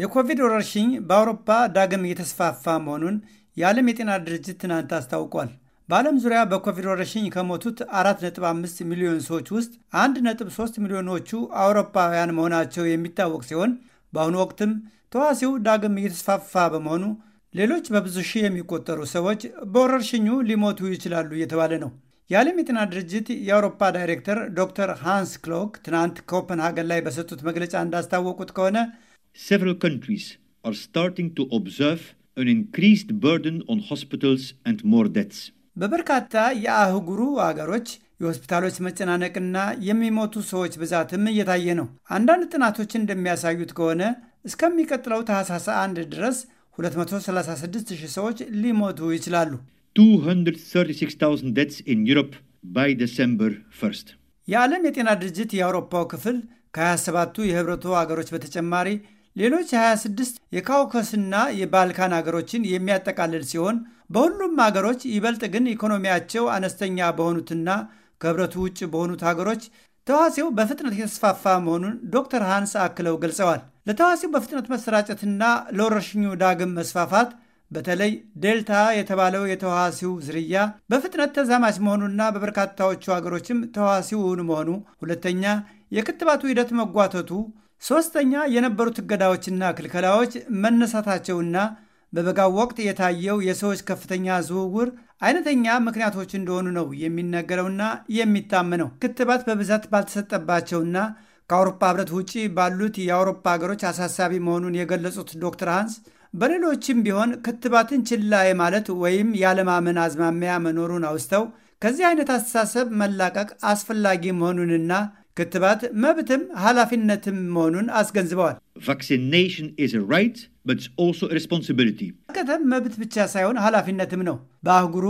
የኮቪድ ወረርሽኝ በአውሮፓ ዳግም እየተስፋፋ መሆኑን የዓለም የጤና ድርጅት ትናንት አስታውቋል። በዓለም ዙሪያ በኮቪድ ወረርሽኝ ከሞቱት 4.5 ሚሊዮን ሰዎች ውስጥ 1.3 ሚሊዮኖቹ አውሮፓውያን መሆናቸው የሚታወቅ ሲሆን በአሁኑ ወቅትም ተዋሲው ዳግም እየተስፋፋ በመሆኑ ሌሎች በብዙ ሺህ የሚቆጠሩ ሰዎች በወረርሽኙ ሊሞቱ ይችላሉ እየተባለ ነው። የዓለም የጤና ድርጅት የአውሮፓ ዳይሬክተር ዶክተር ሃንስ ክሎክ ትናንት ኮፐንሃገን ላይ በሰጡት መግለጫ እንዳስታወቁት ከሆነ several countries are starting to observe an increased burden on hospitals and more deaths. በበርካታ የአህጉሩ አገሮች የሆስፒታሎች መጨናነቅና የሚሞቱ ሰዎች ብዛትም እየታየ ነው። አንዳንድ ጥናቶች እንደሚያሳዩት ከሆነ እስከሚቀጥለው ታህሳስ 1 ድረስ 236000 ሰዎች ሊሞቱ ይችላሉ። 236000 deaths in Europe by December 1 የዓለም የጤና ድርጅት የአውሮፓው ክፍል ከ27ቱ የህብረቱ አገሮች በተጨማሪ ሌሎች 26 የካውከስና የባልካን አገሮችን የሚያጠቃልል ሲሆን በሁሉም አገሮች ይበልጥ ግን ኢኮኖሚያቸው አነስተኛ በሆኑትና ከህብረቱ ውጭ በሆኑት አገሮች ተዋሲው በፍጥነት የተስፋፋ መሆኑን ዶክተር ሃንስ አክለው ገልጸዋል። ለተዋሲው በፍጥነት መሰራጨትና ለወረርሽኙ ዳግም መስፋፋት በተለይ ዴልታ የተባለው የተዋሲው ዝርያ በፍጥነት ተዛማች መሆኑና በበርካታዎቹ አገሮችም ተዋሲውን መሆኑ፣ ሁለተኛ የክትባቱ ሂደት መጓተቱ ሦስተኛ የነበሩት እገዳዎችና ክልከላዎች መነሳታቸውና በበጋው ወቅት የታየው የሰዎች ከፍተኛ ዝውውር አይነተኛ ምክንያቶች እንደሆኑ ነው የሚነገረውና የሚታመነው። ክትባት በብዛት ባልተሰጠባቸውና ከአውሮፓ ህብረት ውጪ ባሉት የአውሮፓ ሀገሮች አሳሳቢ መሆኑን የገለጹት ዶክተር ሃንስ በሌሎችም ቢሆን ክትባትን ችላ ማለት ወይም ያለማመን አዝማሚያ መኖሩን አውስተው ከዚህ አይነት አስተሳሰብ መላቀቅ አስፈላጊ መሆኑንና ክትባት መብትም ኃላፊነትም መሆኑን አስገንዝበዋል። ቫክሲኔሽን መከተብ መብት ብቻ ሳይሆን ኃላፊነትም ነው። በአህጉሩ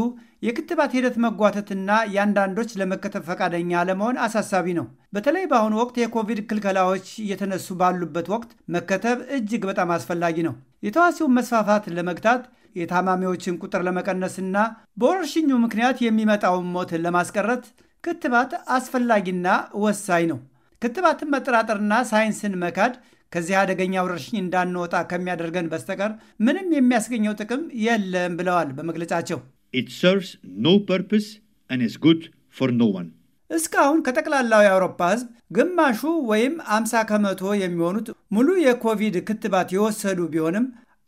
የክትባት ሂደት መጓተትና የአንዳንዶች ለመከተብ ፈቃደኛ አለመሆን አሳሳቢ ነው። በተለይ በአሁኑ ወቅት የኮቪድ ክልከላዎች እየተነሱ ባሉበት ወቅት መከተብ እጅግ በጣም አስፈላጊ ነው። የተዋሲውን መስፋፋት ለመግታት የታማሚዎችን ቁጥር ለመቀነስና በወረርሽኙ ምክንያት የሚመጣውን ሞት ለማስቀረት ክትባት አስፈላጊና ወሳኝ ነው። ክትባትን መጠራጠርና ሳይንስን መካድ ከዚህ አደገኛ ወረርሽኝ እንዳንወጣ ከሚያደርገን በስተቀር ምንም የሚያስገኘው ጥቅም የለም ብለዋል በመግለጫቸው። ኖ ፐርፐስ ፎር እስካሁን ከጠቅላላው የአውሮፓ ሕዝብ ግማሹ ወይም 50 ከመቶ የሚሆኑት ሙሉ የኮቪድ ክትባት የወሰዱ ቢሆንም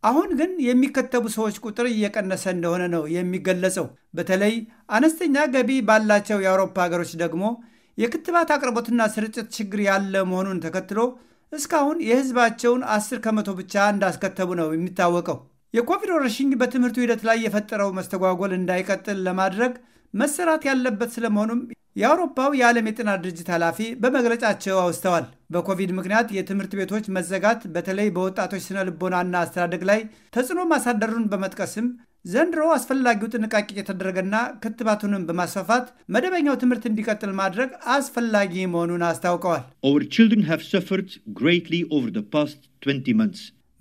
አሁን ግን የሚከተቡ ሰዎች ቁጥር እየቀነሰ እንደሆነ ነው የሚገለጸው። በተለይ አነስተኛ ገቢ ባላቸው የአውሮፓ ሀገሮች ደግሞ የክትባት አቅርቦትና ስርጭት ችግር ያለ መሆኑን ተከትሎ እስካሁን የህዝባቸውን 10 ከመቶ ብቻ እንዳስከተቡ ነው የሚታወቀው። የኮቪድ ወረርሽኝ በትምህርቱ ሂደት ላይ የፈጠረው መስተጓጎል እንዳይቀጥል ለማድረግ መሰራት ያለበት ስለመሆኑም የአውሮፓው የዓለም የጤና ድርጅት ኃላፊ በመግለጫቸው አውስተዋል። በኮቪድ ምክንያት የትምህርት ቤቶች መዘጋት በተለይ በወጣቶች ስነ ልቦናና አስተዳደግ ላይ ተጽዕኖ ማሳደሩን በመጥቀስም ዘንድሮ አስፈላጊው ጥንቃቄ የተደረገና ክትባቱንም በማስፋፋት መደበኛው ትምህርት እንዲቀጥል ማድረግ አስፈላጊ መሆኑን አስታውቀዋል።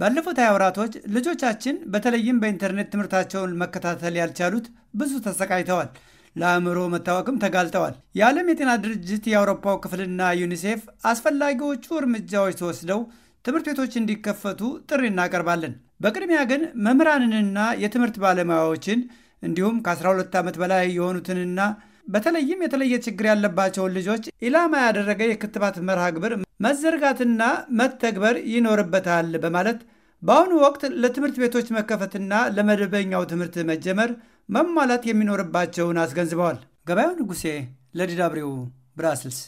ባለፉት ሀያ ወራቶች ልጆቻችን በተለይም በኢንተርኔት ትምህርታቸውን መከታተል ያልቻሉት ብዙ ተሰቃይተዋል። ለአእምሮ መታወክም ተጋልጠዋል። የዓለም የጤና ድርጅት የአውሮፓው ክፍልና ዩኒሴፍ አስፈላጊዎቹ እርምጃዎች ተወስደው ትምህርት ቤቶች እንዲከፈቱ ጥሪ እናቀርባለን። በቅድሚያ ግን መምህራንንና የትምህርት ባለሙያዎችን እንዲሁም ከ12 ዓመት በላይ የሆኑትንና በተለይም የተለየ ችግር ያለባቸውን ልጆች ኢላማ ያደረገ የክትባት መርሃ ግብር መዘርጋትና መተግበር ይኖርበታል በማለት በአሁኑ ወቅት ለትምህርት ቤቶች መከፈትና ለመደበኛው ትምህርት መጀመር መሟላት የሚኖርባቸውን አስገንዝበዋል። ገበያው ንጉሴ ለዲ ብራስልስ